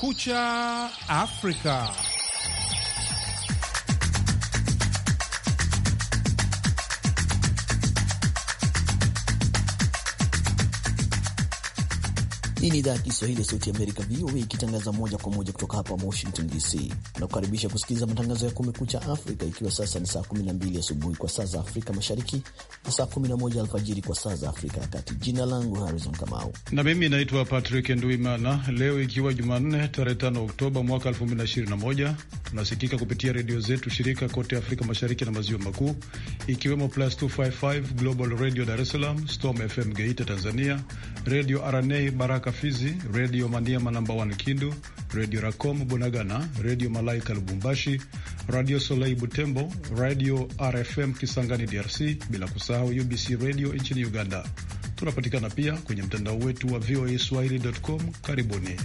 Kucha Africa. Hii ni idhaa ya Kiswahili ya Sauti ya Amerika, VOA, ikitangaza moja kwa moja kutoka hapa Washington DC na kukaribisha kusikiliza matangazo ya Kumekucha Afrika, ikiwa sasa ni saa 12 asubuhi kwa saa za Afrika Mashariki na saa 11 alfajiri kwa saa za Afrika ya Kati. Jina langu Harrison Kamau na mimi naitwa Patrick Nduimana. Leo ikiwa Jumanne tarehe 5 Oktoba mwaka 2021, tunasikika kupitia redio zetu shirika kote Afrika Mashariki na Maziwa Makuu, ikiwemo Plus 255 Global Radio Dar es Salaam, Storm FM Geita Tanzania, Radio RNA Baraka kutoka Fizi, Redio Maniema namba 1 Kindu, Redio Racom Bunagana, Redio Malaika Lubumbashi, Radio Solei Butembo, Radio RFM Kisangani DRC, bila kusahau UBC Radio nchini Uganda. Tunapatikana pia kwenye mtandao wetu wa VOA Swahili.com. Karibuni.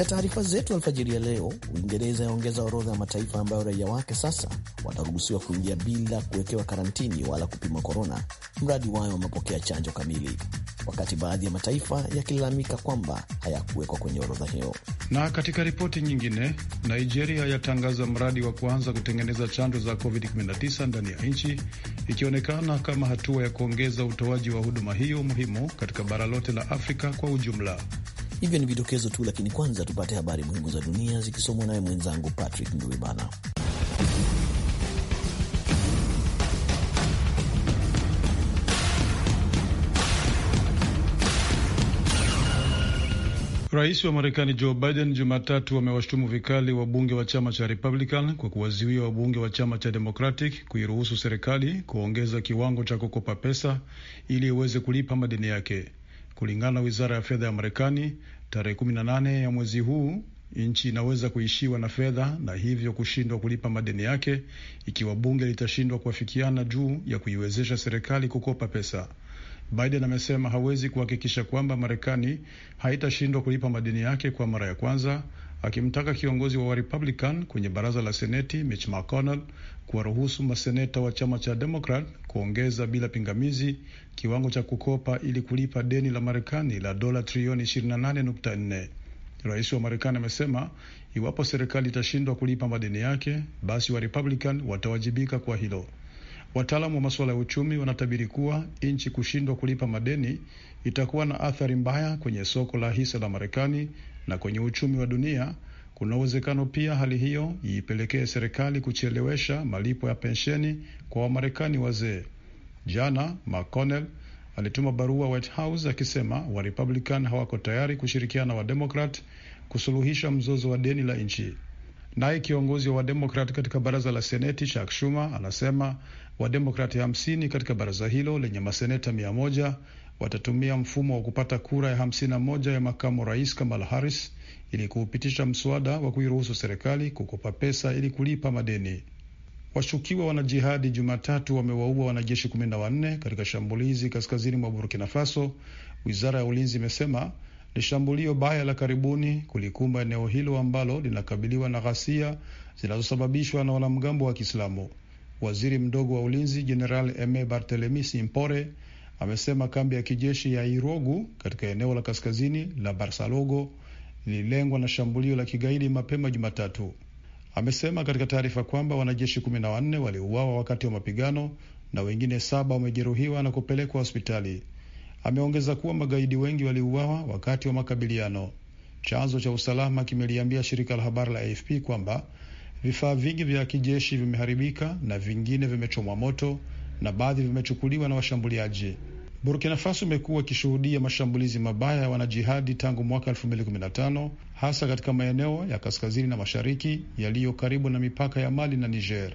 Katika taarifa zetu alfajiri ya leo, Uingereza yaongeza orodha ya mataifa ambayo raia wake sasa wataruhusiwa kuingia bila kuwekewa karantini wala kupimwa korona, mradi wayo wamepokea chanjo kamili, wakati baadhi ya mataifa yakilalamika kwamba hayakuwekwa kwenye orodha hiyo. Na katika ripoti nyingine, Nigeria yatangaza mradi wa kuanza kutengeneza chanjo za COVID-19 ndani ya nchi, ikionekana kama hatua ya kuongeza utoaji wa huduma hiyo muhimu katika bara lote la Afrika kwa ujumla. Hivyo ni vidokezo tu, lakini kwanza tupate habari muhimu za dunia zikisomwa naye mwenzangu Patrick Nduwibana. Rais wa Marekani Joe Biden Jumatatu amewashutumu vikali wabunge wa chama cha Republican kwa kuwaziwia wabunge wa chama cha Democratic kuiruhusu serikali kuongeza kiwango cha kukopa pesa ili iweze kulipa madeni yake. Kulingana na wizara ya fedha ya Marekani, tarehe na nane ya mwezi huu nchi inaweza kuishiwa na fedha na hivyo kushindwa kulipa madeni yake ikiwa bunge litashindwa kuafikiana juu ya kuiwezesha serikali kukopa pesa. Biden amesema hawezi kuhakikisha kwamba Marekani haitashindwa kulipa madeni yake kwa mara ya kwanza, akimtaka kiongozi wa Republican kwenye baraza la Seneti Mitch McConnell kuwaruhusu maseneta wa chama cha Democrat kuongeza bila pingamizi kiwango cha kukopa ili kulipa deni la Marekani la dola trilioni 28.4. Rais wa Marekani amesema iwapo serikali itashindwa kulipa madeni yake, basi wa Republican watawajibika kwa hilo. Wataalamu wa masuala ya uchumi wanatabiri kuwa nchi kushindwa kulipa madeni itakuwa na athari mbaya kwenye soko la hisa la Marekani na kwenye uchumi wa dunia, kuna uwezekano pia hali hiyo iipelekee serikali kuchelewesha malipo ya pensheni kwa Wamarekani wazee. Jana McConnell alituma barua White House akisema Warepublican hawako tayari kushirikiana na Wademokrat kusuluhisha mzozo wa deni la nchi. Naye kiongozi wa Wademokrat katika baraza la Seneti Chuck Schumer anasema Wademokrati hamsini katika baraza hilo lenye maseneta mia moja watatumia mfumo wa kupata kura ya 51 ya makamu rais Kamala Harris ili kuupitisha mswada wa kuiruhusu serikali kukopa pesa ili kulipa madeni. Washukiwa wanajihadi Jumatatu wamewaua wanajeshi kumi na wanne katika shambulizi kaskazini mwa Burkina Faso. Wizara ya ulinzi imesema ni shambulio baya la karibuni kulikumba eneo hilo ambalo linakabiliwa na ghasia zinazosababishwa na wanamgambo wa Kiislamu. Waziri mdogo wa ulinzi Jeneral Eme Barthelemy Simpore amesema kambi ya kijeshi ya Irogu katika eneo la kaskazini la Barsalogo lililengwa na shambulio la kigaidi mapema Jumatatu. Amesema katika taarifa kwamba wanajeshi kumi na wanne waliuawa wakati wa mapigano na wengine saba wamejeruhiwa na kupelekwa hospitali. Ameongeza kuwa magaidi wengi waliuawa wakati wa makabiliano. Chanzo cha usalama kimeliambia shirika la habari la AFP kwamba vifaa vingi vya kijeshi vimeharibika na vingine vimechomwa moto na baadhi vimechukuliwa na washambuliaji. Burkina Faso imekuwa ikishuhudia mashambulizi mabaya ya wanajihadi tangu mwaka 2015 hasa katika maeneo ya kaskazini na mashariki yaliyo karibu na mipaka ya Mali na Niger.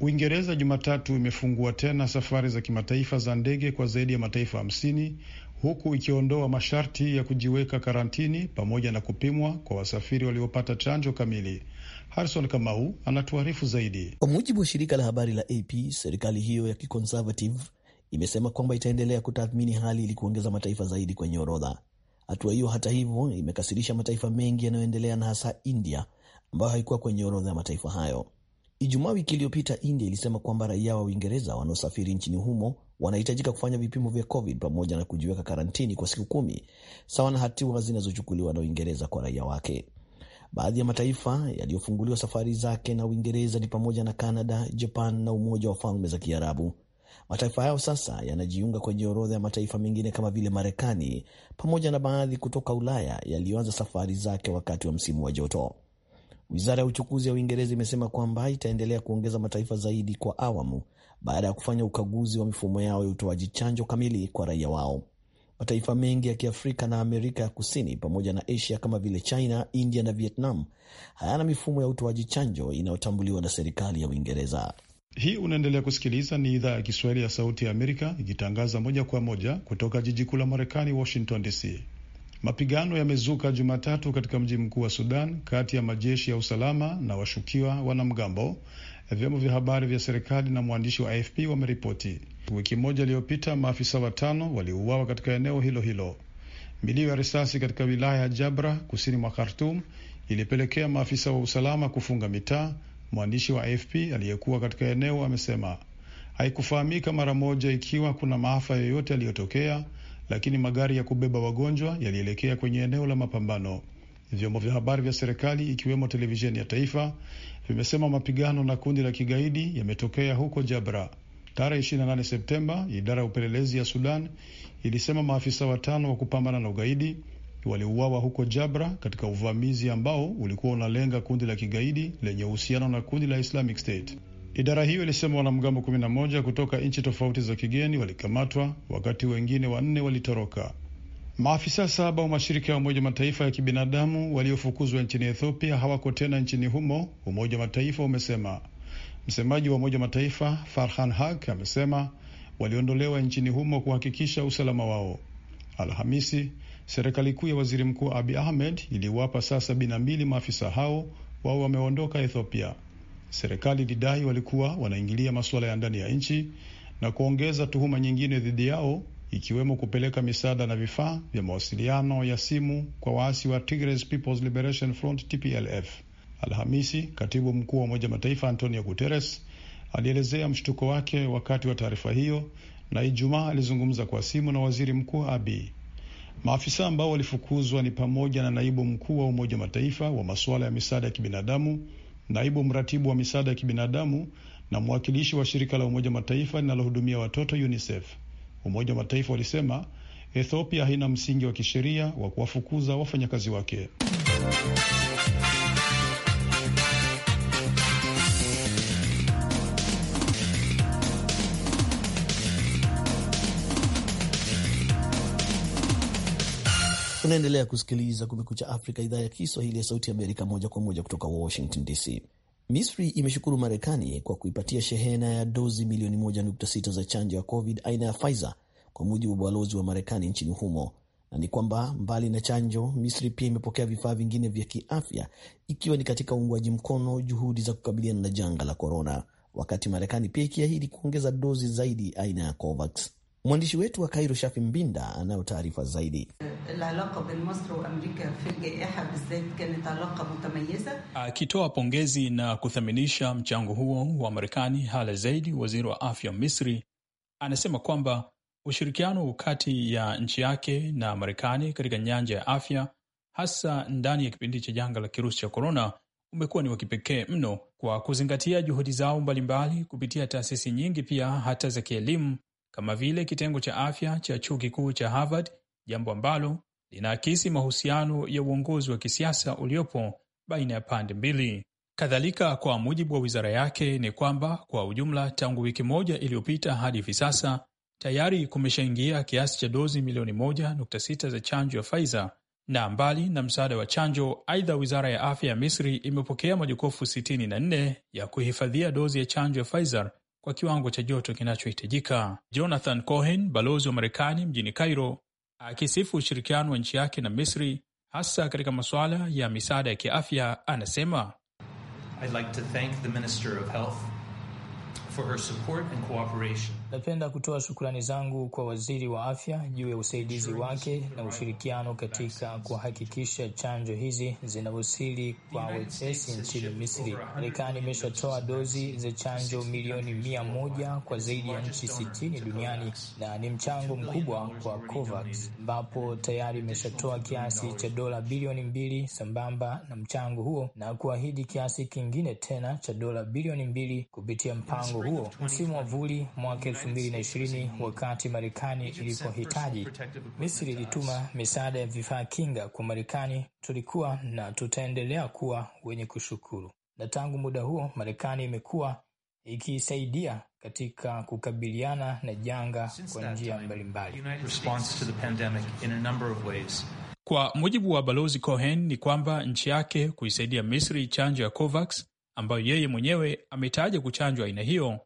Uingereza Jumatatu imefungua tena safari za kimataifa za ndege kwa zaidi ya mataifa 50 huku ikiondoa masharti ya kujiweka karantini pamoja na kupimwa kwa wasafiri waliopata chanjo kamili. Harison Kamau anatuarifu zaidi. Kwa mujibu wa shirika la habari la AP, serikali hiyo ya kiconservative imesema kwamba itaendelea kutathmini hali ili kuongeza mataifa zaidi kwenye orodha. Hatua hiyo hata hivyo imekasirisha mataifa mengi yanayoendelea na hasa India ambayo haikuwa kwenye orodha ya mataifa hayo. Ijumaa wiki iliyopita, India ilisema kwamba raia wa Uingereza wanaosafiri nchini humo wanahitajika kufanya vipimo vya COVID pamoja na kujiweka karantini kwa siku kumi, sawa na hatua zinazochukuliwa na Uingereza kwa raia wake. Baadhi ya mataifa yaliyofunguliwa safari zake na Uingereza ni pamoja na Canada, Japan na Umoja wa Falme za Kiarabu. Mataifa hayo sasa yanajiunga kwenye orodha ya mataifa mengine kama vile Marekani pamoja na baadhi kutoka Ulaya yaliyoanza safari zake wakati wa msimu wa joto. Wizara ya uchukuzi ya Uingereza imesema kwamba itaendelea kuongeza mataifa zaidi kwa awamu baada ya kufanya ukaguzi wa mifumo yao ya utoaji chanjo kamili kwa raia wao. Mataifa mengi ya Kiafrika na Amerika ya Kusini pamoja na Asia kama vile China, India na Vietnam hayana mifumo ya utoaji chanjo inayotambuliwa na serikali ya Uingereza. Hii unaendelea kusikiliza, ni idhaa ya Kiswahili ya Sauti ya Amerika ikitangaza moja kwa moja kutoka jiji kuu la Marekani, Washington DC. Mapigano yamezuka Jumatatu katika mji mkuu wa Sudan kati ya majeshi ya usalama na washukiwa wanamgambo vyombo vya habari vya serikali na mwandishi wa AFP wameripoti. Wiki moja iliyopita maafisa watano waliuawa katika eneo hilo hilo. Milio ya risasi katika wilaya ya Jabra kusini mwa Khartum ilipelekea maafisa wa usalama kufunga mitaa. Mwandishi wa AFP aliyekuwa katika eneo amesema haikufahamika mara moja ikiwa kuna maafa yoyote yaliyotokea, lakini magari ya kubeba wagonjwa yalielekea kwenye eneo la mapambano. Vyombo vya habari vya serikali ikiwemo televisheni ya taifa vimesema mapigano na kundi la kigaidi yametokea huko Jabra. Tarehe 28 Septemba, idara ya upelelezi ya Sudan ilisema maafisa watano wa kupambana na ugaidi waliuawa huko Jabra katika uvamizi ambao ulikuwa unalenga kundi la kigaidi lenye uhusiano na kundi la Islamic State. Idara hiyo ilisema wanamgambo 11 kutoka nchi tofauti za kigeni walikamatwa wakati wengine wanne walitoroka. Maafisa saba wa mashirika ya Umoja Mataifa ya kibinadamu waliofukuzwa nchini Ethiopia hawako tena nchini humo, Umoja wa Mataifa umesema. Msemaji wa Umoja Mataifa Farhan Haq amesema waliondolewa nchini humo kuhakikisha usalama wao. Alhamisi, serikali kuu ya waziri mkuu Abi Ahmed iliwapa saa sabini na mbili maafisa hao wao wameondoka Ethiopia. Serikali ilidai walikuwa wanaingilia masuala ya ndani ya nchi na kuongeza tuhuma nyingine dhidi yao ikiwemo kupeleka misaada na vifaa vya mawasiliano ya simu kwa waasi wa Tigray People's Liberation Front TPLF. Alhamisi, katibu mkuu wa Umoja Mataifa Antonio Guterres alielezea mshtuko wake wakati wa taarifa hiyo, na Ijumaa alizungumza kwa simu na waziri mkuu Abi. Maafisa ambao walifukuzwa ni pamoja na naibu mkuu wa Umoja Mataifa wa masuala ya misaada ya kibinadamu, naibu mratibu wa misaada ya kibinadamu na mwakilishi wa shirika la Umoja Mataifa linalohudumia watoto UNICEF. Umoja wa Mataifa ulisema Ethiopia haina msingi wa kisheria wa kuwafukuza wafanyakazi wake. Unaendelea kusikiliza Kumekucha Afrika, idhaa ya Kiswahili ya Sauti ya Amerika, moja kwa moja kutoka Washington DC. Misri imeshukuru Marekani kwa kuipatia shehena ya dozi milioni 1.6 za chanjo ya COVID aina ya Pfizer, kwa mujibu wa balozi wa Marekani nchini humo, na ni kwamba mbali na chanjo, Misri pia imepokea vifaa vingine vya kiafya, ikiwa ni katika uungwaji mkono juhudi za kukabiliana na janga la korona, wakati Marekani pia ikiahidi kuongeza dozi zaidi aina ya COVAX. Mwandishi wetu wa Kairo, Shafi Mbinda, anayo taarifa zaidi. Akitoa pongezi na kuthaminisha mchango huo wa Marekani, Hala Zaidi, waziri wa afya Misri, anasema kwamba ushirikiano kati ya nchi yake na Marekani katika nyanja ya afya, hasa ndani ya kipindi cha janga la kirusi cha korona, umekuwa ni wa kipekee mno, kwa kuzingatia juhudi zao mbalimbali kupitia taasisi nyingi, pia hata za kielimu kama vile kitengo cha afya cha chuo kikuu cha Harvard, jambo ambalo linaakisi mahusiano ya uongozi wa kisiasa uliopo baina ya pande mbili. Kadhalika, kwa mujibu wa wizara yake ni kwamba kwa ujumla, tangu wiki moja iliyopita hadi hivi sasa tayari kumeshaingia kiasi cha dozi milioni 1.6 za chanjo ya Pfizer na mbali na msaada wa chanjo, aidha, wizara ya afya ya Misri imepokea majokofu 64 ya kuhifadhia dozi ya chanjo ya Pfizer kwa kiwango cha joto kinachohitajika. Jonathan Cohen, balozi wa Marekani mjini Cairo, akisifu ushirikiano wa nchi yake na Misri hasa katika masuala ya misaada ya kiafya, anasema I'd like to thank the Minister of Health for her support and cooperation. Napenda kutoa shukrani zangu kwa waziri wa afya juu ya usaidizi wake na ushirikiano katika kuhakikisha chanjo hizi zinawasili kwa wepesi nchini Misri. Marekani imeshatoa dozi za chanjo milioni mia moja kwa zaidi ya nchi sitini duniani na ni mchango mkubwa kwa COVAX, ambapo tayari imeshatoa kiasi cha dola bilioni mbili sambamba na mchango huo na kuahidi kiasi kingine tena cha dola bilioni mbili kupitia mpango huo msimu wa vuli mwaka 2020 wakati Marekani ilipohitaji, Misri ilituma misaada ya vifaa kinga kwa Marekani. Tulikuwa na tutaendelea kuwa wenye kushukuru, na tangu muda huo Marekani imekuwa ikisaidia katika kukabiliana na janga kwa njia mbalimbali. Kwa mujibu wa balozi Cohen ni kwamba nchi yake kuisaidia Misri chanjo ya COVAX ambayo yeye mwenyewe ametaja kuchanjwa aina hiyo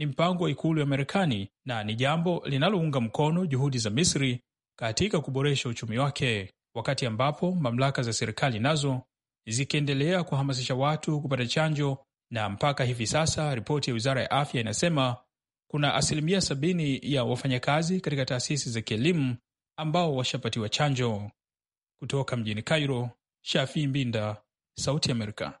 ni mpango wa ikulu ya Marekani na ni jambo linalounga mkono juhudi za Misri katika kuboresha uchumi wake, wakati ambapo mamlaka za serikali nazo zikiendelea kuhamasisha watu kupata chanjo. Na mpaka hivi sasa ripoti ya wizara ya afya inasema kuna asilimia sabini ya wafanyakazi katika taasisi za kielimu ambao washapatiwa chanjo. Kutoka mjini Cairo, Shafii Mbinda, Sauti Amerika.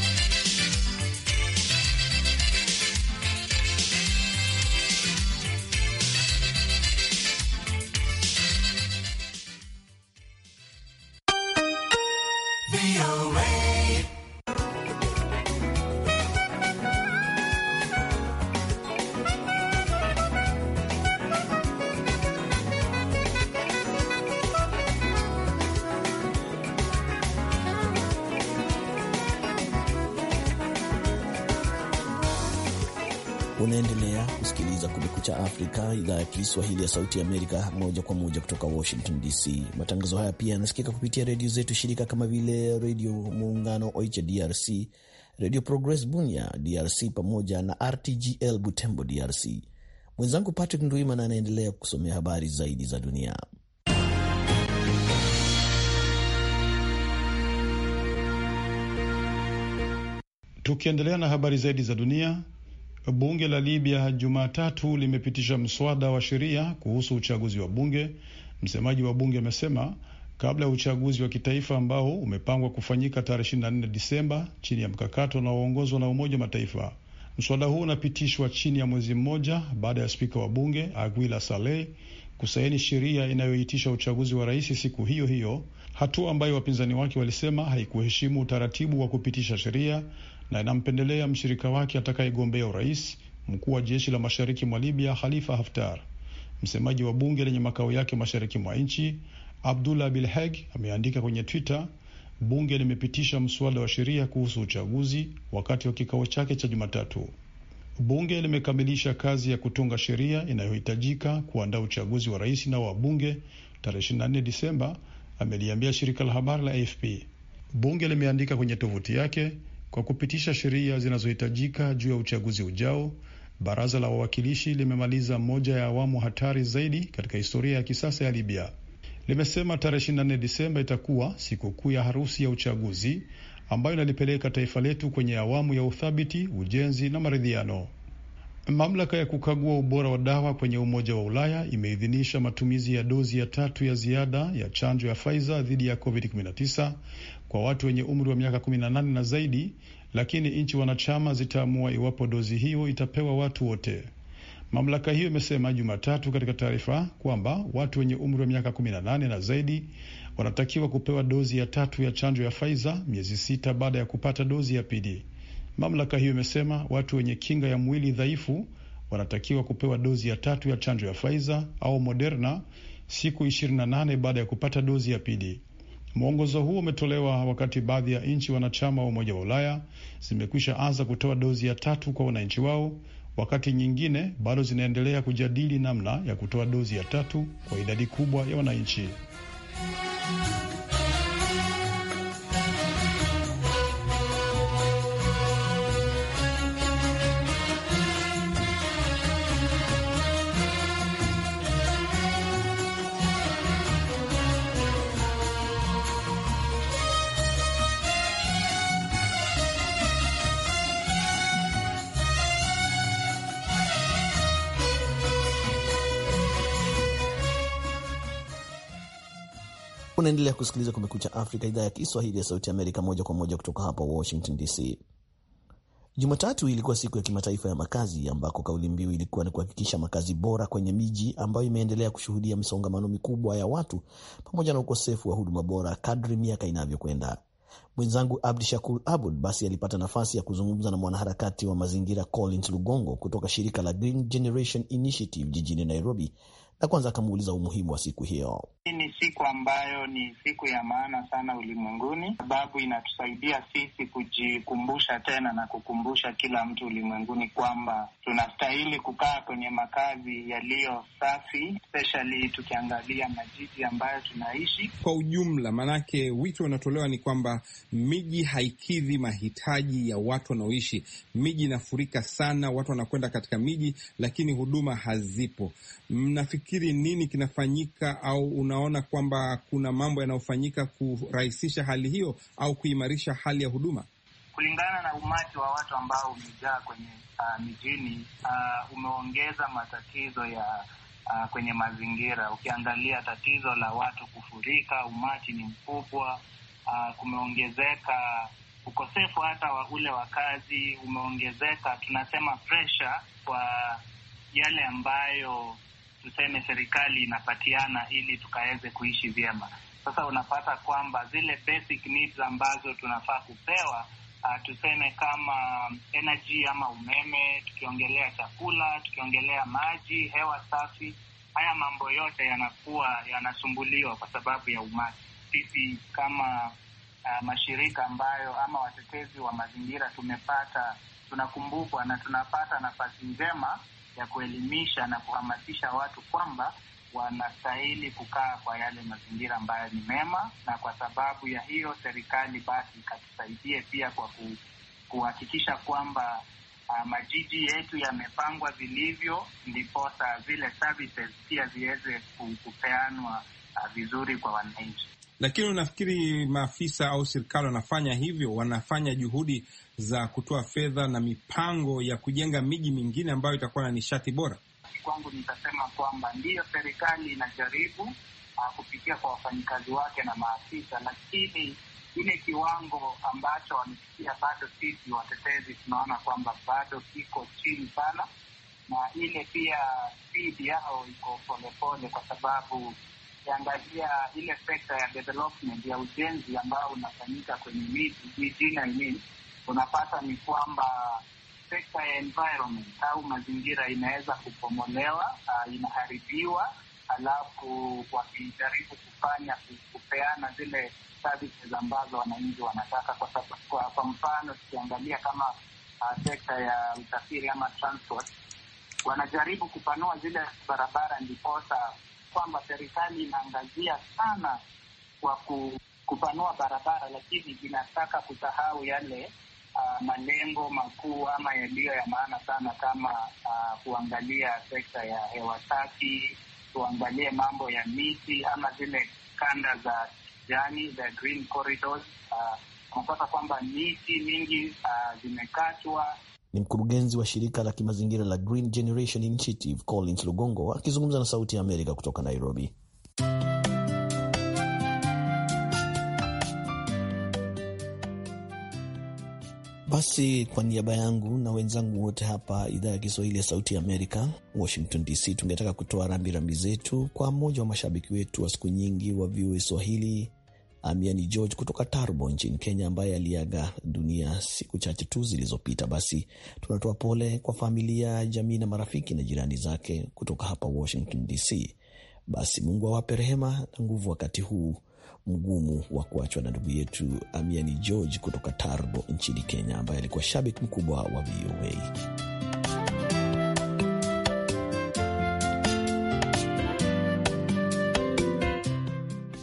Unaendelea kusikiliza Kumekucha Afrika, idhaa ya Kiswahili ya Sauti ya Amerika, moja kwa moja kutoka Washington DC. Matangazo haya pia yanasikika kupitia redio zetu shirika kama vile Redio Muungano Oicha DRC, Redio Progress Bunya DRC, pamoja na RTGL Butembo DRC. Mwenzangu Patrick Ndwimana anaendelea kusomea habari zaidi za dunia. Tukiendelea na habari zaidi za dunia Bunge la Libya Jumatatu limepitisha mswada wa sheria kuhusu uchaguzi wa bunge. Msemaji wa bunge amesema kabla ya uchaguzi wa kitaifa ambao umepangwa kufanyika tarehe 24 Disemba chini ya mkakato unaoongozwa na Umoja wa Mataifa. Mswada huu unapitishwa chini ya mwezi mmoja baada ya spika wa bunge Aguila Saleh kusaini sheria inayoitisha uchaguzi wa rais siku hiyo hiyo, hatua ambayo wapinzani wake walisema haikuheshimu utaratibu wa kupitisha sheria na inampendelea mshirika wake atakayegombea urais, mkuu wa jeshi la mashariki mwa Libya Khalifa Haftar. Msemaji wa bunge lenye makao yake mashariki mwa nchi Abdullah Bilheg ameandika kwenye Twitter, bunge limepitisha mswada wa sheria kuhusu uchaguzi wakati wa kikao chake cha Jumatatu. Bunge limekamilisha kazi ya kutunga sheria inayohitajika kuandaa uchaguzi wa rais na wa bunge tarehe 24 Disemba, ameliambia shirika la habari la AFP. Bunge limeandika kwenye tovuti yake, kwa kupitisha sheria zinazohitajika juu ya uchaguzi ujao. Baraza la Wawakilishi limemaliza moja ya awamu hatari zaidi katika historia ya kisasa ya Libya. Limesema tarehe 24 Disemba itakuwa sikukuu ya harusi ya uchaguzi ambayo inalipeleka taifa letu kwenye awamu ya uthabiti, ujenzi na maridhiano. Mamlaka ya kukagua ubora wa dawa kwenye Umoja wa Ulaya imeidhinisha matumizi ya dozi ya tatu ya ziada ya chanjo ya Pfizer dhidi ya COVID-19 kwa watu wenye umri wa miaka 18 na zaidi, lakini nchi wanachama zitaamua iwapo dozi hiyo itapewa watu wote. Mamlaka hiyo imesema Jumatatu katika taarifa kwamba watu wenye umri wa miaka 18 na zaidi wanatakiwa kupewa dozi ya tatu ya chanjo ya Pfizer miezi sita baada ya kupata dozi ya pili. Mamlaka hiyo imesema watu wenye kinga ya mwili dhaifu wanatakiwa kupewa dozi ya tatu ya chanjo ya Pfizer au Moderna siku 28 baada ya kupata dozi ya pili. Mwongozo huo umetolewa wakati baadhi ya nchi wanachama wa Umoja wa Ulaya zimekwisha anza kutoa dozi ya tatu kwa wananchi wao, wakati nyingine bado zinaendelea kujadili namna ya kutoa dozi ya tatu kwa idadi kubwa ya wananchi. Unaendelea kusikiliza Kumekucha Afrika, idhaa ya Kiswahili ya Sauti Amerika, moja kwa moja kutoka hapa Washington DC. Jumatatu ilikuwa siku ya kimataifa ya makazi, ambako kauli mbiu ilikuwa ni kuhakikisha makazi bora kwenye miji ambayo imeendelea kushuhudia misongamano mikubwa ya watu pamoja na ukosefu wa huduma bora kadri miaka inavyokwenda. Mwenzangu Abdi Shakur Abud basi alipata nafasi ya kuzungumza na mwanaharakati wa mazingira Collins Lugongo kutoka shirika la Green Generation Initiative jijini Nairobi, na kwanza akamuuliza umuhimu wa siku hiyo. Hii ni siku ambayo ni siku ya maana sana ulimwenguni, sababu inatusaidia sisi kujikumbusha tena na kukumbusha kila mtu ulimwenguni kwamba tunastahili kukaa kwenye makazi yaliyo safi, especially tukiangalia majiji ambayo tunaishi kwa ujumla. Maanake wito unatolewa ni kwamba miji haikidhi mahitaji ya watu wanaoishi, miji inafurika sana, watu wanakwenda katika miji, lakini huduma hazipo. Mnafiki unafikiri nini kinafanyika au unaona kwamba kuna mambo yanayofanyika kurahisisha hali hiyo au kuimarisha hali ya huduma? Kulingana na umati wa watu ambao umejaa kwenye uh, mijini uh, umeongeza matatizo ya uh, kwenye mazingira. Ukiangalia tatizo la watu kufurika, umati ni mkubwa. Uh, kumeongezeka ukosefu hata wa ule wa kazi umeongezeka, tunasema pressure kwa yale ambayo tuseme serikali inapatiana ili tukaweze kuishi vyema. Sasa unapata kwamba zile basic needs ambazo tunafaa kupewa Uh, tuseme kama energy ama umeme, tukiongelea chakula, tukiongelea maji, hewa safi, haya mambo yote yanakuwa yanasumbuliwa kwa sababu ya umati. Sisi kama uh, mashirika ambayo ama watetezi wa mazingira tumepata, tunakumbukwa na tunapata nafasi njema ya kuelimisha na kuhamasisha watu kwamba wanastahili kukaa kwa yale mazingira ambayo ni mema, na kwa sababu ya hiyo serikali basi ikatusaidie pia kwa ku, kuhakikisha kwamba uh, majiji yetu yamepangwa vilivyo, ndiposa zile services pia ziweze kupeanwa Uh, vizuri kwa wananchi. Lakini unafikiri maafisa au serikali wanafanya hivyo, wanafanya juhudi za kutoa fedha na mipango ya kujenga miji mingine ambayo itakuwa na nishati bora? Kwangu nitasema kwamba ndiyo, serikali inajaribu uh, kupitia kwa wafanyikazi wake na maafisa, lakini kile kiwango ambacho wamefikia bado sisi watetezi tunaona kwamba bado kiko chini sana, na ile pia spidi yao iko polepole, kwa sababu ukiangazia ile sekta ya development ya ujenzi ambao unafanyika kwenye miji mijini, I unapata ni kwamba sekta ya environment au mazingira inaweza kupomolewa, uh, inaharibiwa, alafu wakijaribu kufanya kupeana zile services ambazo wananchi wanataka. Kwa, kwa, kwa mfano tukiangalia kama uh, sekta ya usafiri ama transport, wanajaribu kupanua zile barabara ndiposa kwamba serikali inaangazia sana kwa ku, kupanua barabara, lakini inataka kusahau yale uh, malengo makuu ama yaliyo ya maana sana kama uh, kuangalia sekta ya hewa safi, kuangalia mambo ya miti ama zile kanda za kijani za green corridors. Ah, unapata uh, kwamba miti mingi uh, zimekatwa ni mkurugenzi wa shirika la kimazingira la Green Generation Initiative, Collins Lugongo akizungumza na Sauti ya Amerika kutoka Nairobi. Basi kwa niaba yangu na wenzangu wote hapa idhaa ya Kiswahili ya Sauti ya Amerika, Washington DC, tungetaka kutoa rambirambi zetu kwa mmoja wa mashabiki wetu wa siku nyingi wa VOA Swahili Amiani George kutoka tarbo nchini Kenya, ambaye aliaga dunia siku chache tu zilizopita. Basi tunatoa pole kwa familia, jamii na marafiki na jirani zake kutoka hapa Washington DC. Basi Mungu awape rehema na nguvu wakati huu mgumu wa kuachwa na ndugu yetu Amiani George kutoka tarbo nchini Kenya, ambaye alikuwa shabiki mkubwa wa VOA.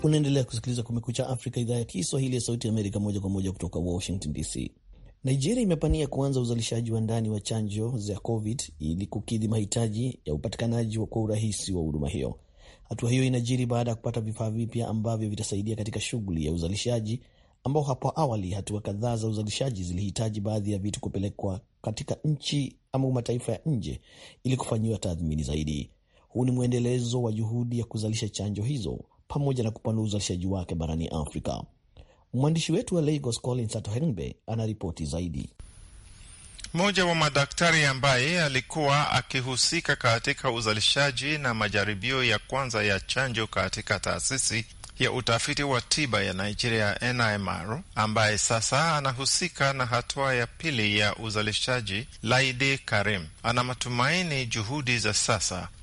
Unaendelea kusikiliza Kumekucha Afrika, idhaa ya Kiswahili ya Sauti ya Amerika, moja kwa moja kutoka Washington DC. Nigeria imepania kuanza uzalishaji wa ndani wa chanjo za COVID ili kukidhi mahitaji ya upatikanaji kwa urahisi wa huduma hiyo. Hatua hiyo inajiri baada ya kupata vifaa vipya ambavyo vitasaidia katika shughuli ya uzalishaji, ambao hapo awali hatua kadhaa za uzalishaji zilihitaji baadhi ya vitu kupelekwa katika nchi ama mataifa ya nje ili kufanyiwa tathmini zaidi. Huu ni mwendelezo wa juhudi ya kuzalisha chanjo hizo pamoja na kupanua uzalishaji wake barani Afrika. Mwandishi wetu wa Lagos, Collins Atohenbe, anaripoti zaidi. Mmoja wa madaktari ambaye alikuwa akihusika katika uzalishaji na majaribio ya kwanza ya chanjo katika taasisi ya utafiti wa tiba ya Nigeria NIMR, ambaye sasa anahusika na hatua ya pili ya uzalishaji, laidi Karim, ana matumaini juhudi za sasa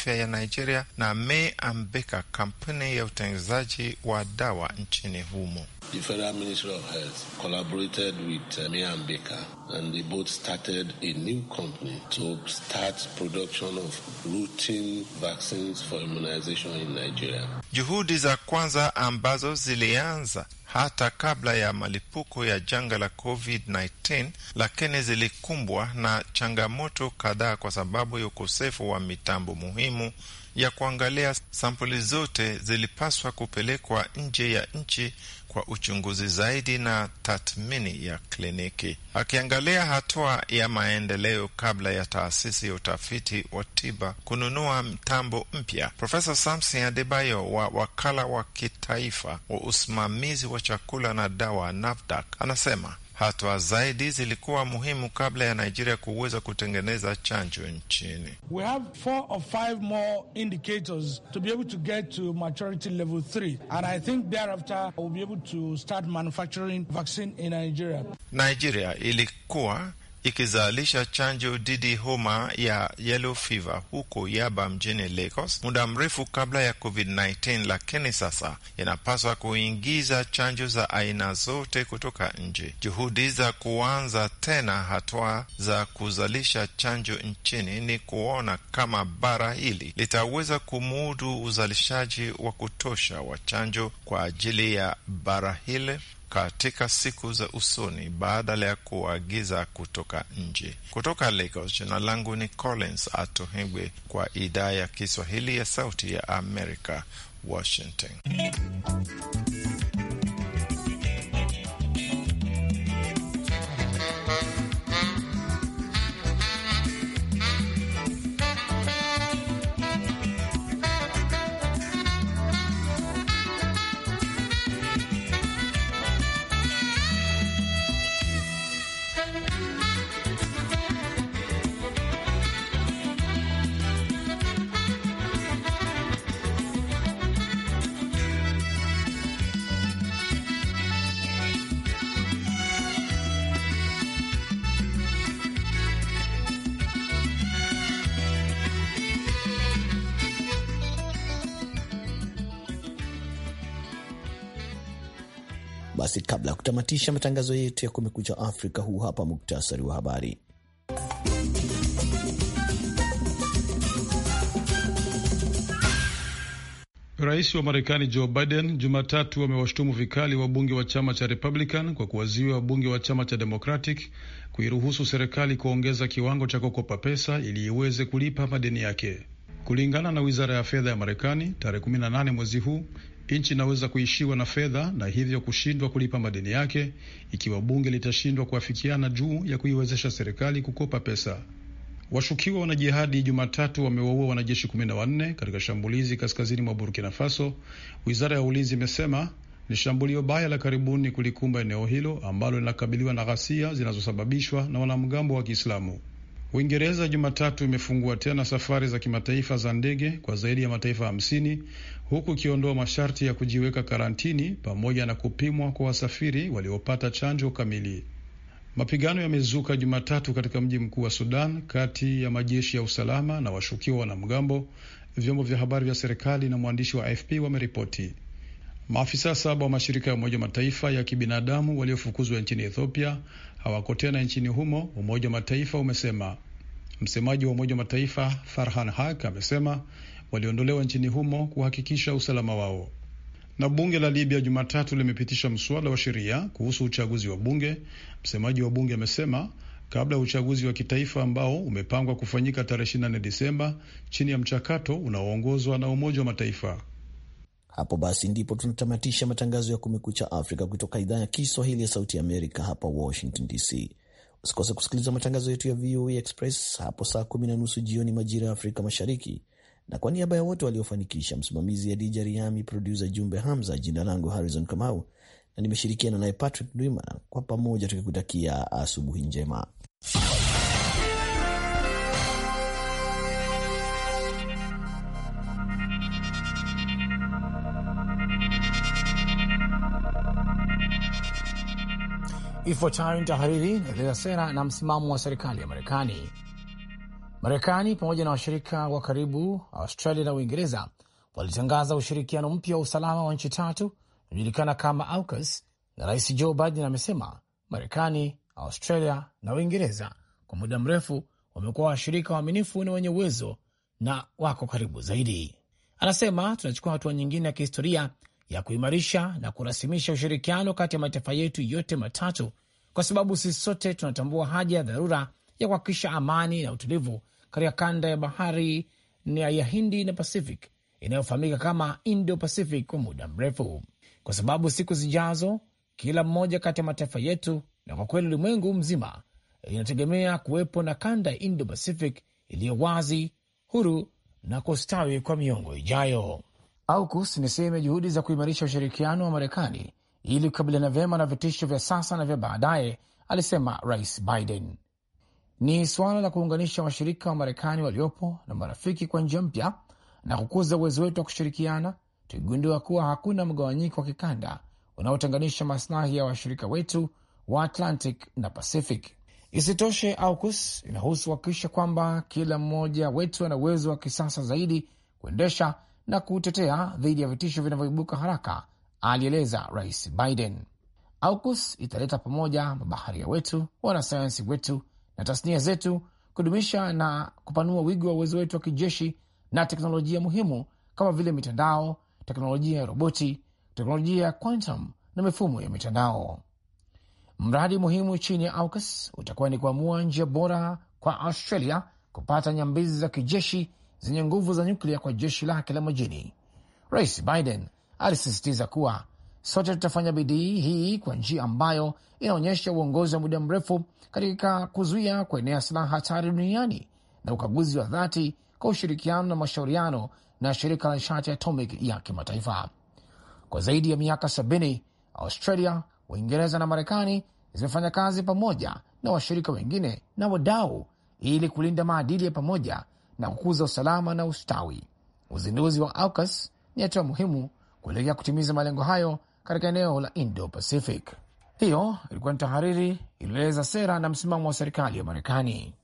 afya ya Nigeria na May Ambeka, kampuni ya utengenezaji wa dawa nchini humo. The Federal Ministry of Health collaborated with uh, and they both started a new company to start production of routine vaccines for immunization in Nigeria. Juhudi za kwanza ambazo zilianza hata kabla ya malipuko ya janga la COVID-19, lakini zilikumbwa na changamoto kadhaa kwa sababu ya ukosefu wa mitambo muhimu ya kuangalia. Sampuli zote zilipaswa kupelekwa nje ya nchi kwa uchunguzi zaidi na tathmini ya kliniki, akiangalia hatua ya maendeleo kabla ya taasisi ya utafiti wa tiba kununua mtambo mpya. Profesa Samson Adebayo wa wakala wa kitaifa wa usimamizi wa chakula na dawa NAFDAC anasema Hatua zaidi zilikuwa muhimu kabla ya Nigeria kuweza kutengeneza chanjo nchini. We have four or five more indicators to be able to get to maturity level three, and I think thereafter we'll be able to start manufacturing vaccine in Nigeria. Nigeria ilikuwa ikizalisha chanjo dhidi homa ya yellow fever huko Yaba mjini Lagos muda mrefu kabla ya COVID-19, lakini sasa inapaswa kuingiza chanjo za aina zote kutoka nje. Juhudi za kuanza tena hatua za kuzalisha chanjo nchini ni kuona kama bara hili litaweza kumudu uzalishaji wa kutosha wa chanjo kwa ajili ya bara hili katika siku za usoni badala ya kuagiza kutoka nje. Kutoka Lagos, jina langu ni Collins Atohegwe kwa idhaa ya Kiswahili ya Sauti ya Amerika, Washington. basi kabla ya kutamatisha matangazo yetu ya Kumekucha Afrika, huu hapa muktasari wa habari. Rais wa Marekani Joe Biden Jumatatu amewashutumu vikali wabunge wa chama cha Republican kwa kuwaziwa wabunge wa chama cha Democratic kuiruhusu serikali kuongeza kiwango cha kukopa pesa ili iweze kulipa madeni yake. Kulingana na wizara ya fedha ya Marekani, tarehe 18 mwezi huu nchi inaweza kuishiwa na fedha na hivyo kushindwa kulipa madeni yake ikiwa bunge litashindwa kuafikiana juu ya kuiwezesha serikali kukopa pesa. Washukiwa wanajihadi Jumatatu wamewaua wanajeshi kumi na wanne katika shambulizi kaskazini mwa Burkina Faso, wizara ya ulinzi imesema. Ni shambulio baya la karibuni kulikumba eneo hilo ambalo linakabiliwa na ghasia zinazosababishwa na wanamgambo wa Kiislamu. Uingereza Jumatatu imefungua tena safari za kimataifa za ndege kwa zaidi ya mataifa hamsini huku ikiondoa masharti ya kujiweka karantini pamoja na kupimwa kwa wasafiri waliopata chanjo kamili. Mapigano yamezuka Jumatatu katika mji mkuu wa Sudan kati ya majeshi ya usalama na washukiwa wanamgambo, vyombo vya habari vya serikali na mwandishi wa AFP wameripoti. Maafisa saba wa mashirika ya Umoja Mataifa ya kibinadamu waliofukuzwa nchini Ethiopia hawako tena nchini humo, Umoja wa Mataifa umesema. Msemaji wa Umoja wa Mataifa Farhan Haq amesema waliondolewa nchini humo kuhakikisha usalama wao. Na bunge la Libya Jumatatu limepitisha mswada wa sheria kuhusu uchaguzi wa bunge. Msemaji wa bunge amesema kabla ya uchaguzi wa kitaifa ambao umepangwa kufanyika tarehe 24 Disemba chini ya mchakato unaoongozwa na Umoja wa Mataifa. Hapo basi ndipo tunatamatisha matangazo ya Kumekucha Afrika kutoka idhaa ya Kiswahili ya Sauti ya Amerika hapa Washington DC. Usikose kusikiliza matangazo yetu ya VOA Express hapo saa kumi na nusu jioni majira ya Afrika Mashariki. Na kwa niaba ya wote waliofanikisha, msimamizi Adija Riami, produsa Jumbe Hamza, jina langu Harrison Kamau na nimeshirikiana naye Patrick Dwima, kwa pamoja tukikutakia asubuhi njema. Ifuatayo ni tahariri inaeleza sera na msimamo wa serikali ya Marekani. Marekani pamoja na washirika wa karibu Australia na Uingereza walitangaza ushirikiano mpya wa usalama wa nchi tatu unajulikana kama AUKUS, na Rais Joe Biden amesema Marekani, Australia na Uingereza kwa muda mrefu wamekuwa washirika waaminifu na wenye uwezo na wako karibu zaidi. Anasema tunachukua hatua nyingine ya kihistoria ya kuimarisha na kurasimisha ushirikiano kati ya mataifa yetu yote matatu, kwa sababu sisi sote tunatambua haja ya dharura ya kuhakikisha amani na utulivu katika kanda ya bahari ya Hindi na Pacific inayofahamika kama Indo Pacific kwa muda mrefu, kwa sababu siku zijazo kila mmoja kati ya mataifa yetu na kwa kweli ulimwengu mzima inategemea kuwepo na kanda ya Indo Pacific iliyo wazi, huru na kustawi kwa miongo ijayo. AUKUS ni sehemu ya juhudi za kuimarisha ushirikiano wa Marekani ili kukabiliana vyema na vitisho vya sasa na vya baadaye, alisema Rais Biden. Ni suala la kuunganisha washirika wa Marekani waliopo na marafiki kwa njia mpya na kukuza uwezo wetu wa kushirikiana. Tuligundua kuwa hakuna mgawanyiko wa kikanda unaotenganisha maslahi ya washirika wetu wa Atlantic na Pacific. Isitoshe, AUKUS inahusu kuhakikisha kwamba kila mmoja wetu ana uwezo wa kisasa zaidi kuendesha na kutetea dhidi ya vitisho vinavyoibuka haraka, alieleza Rais Biden. AUKUS italeta pamoja mabaharia wetu, wanasayansi wetu na tasnia zetu, kudumisha na kupanua wigo wa uwezo wetu wa kijeshi na teknolojia muhimu kama vile mitandao, teknolojia ya roboti, teknolojia ya quantum na mifumo ya mitandao. Mradi muhimu chini ya AUKUS utakuwa ni kuamua njia bora kwa Australia kupata nyambizi za kijeshi zenye nguvu za nyuklia kwa jeshi lake la majini. Rais Biden alisisitiza kuwa sote tutafanya bidii hii kwa njia ambayo inaonyesha uongozi wa muda mrefu katika kuzuia kuenea silaha hatari duniani na ukaguzi wa dhati kwa ushirikiano na mashauriano na shirika la nishati atomic ya kimataifa. Kwa zaidi ya miaka sabini, Australia, Uingereza na Marekani zimefanya kazi pamoja na washirika wengine na wadau ili kulinda maadili ya pamoja na kukuza usalama na ustawi. Uzinduzi wa AUKUS ni hatua muhimu kuelekea kutimiza malengo hayo katika eneo la Indo Pacific. Hiyo ilikuwa ni tahariri iliyoeleza sera na msimamo wa serikali ya Marekani.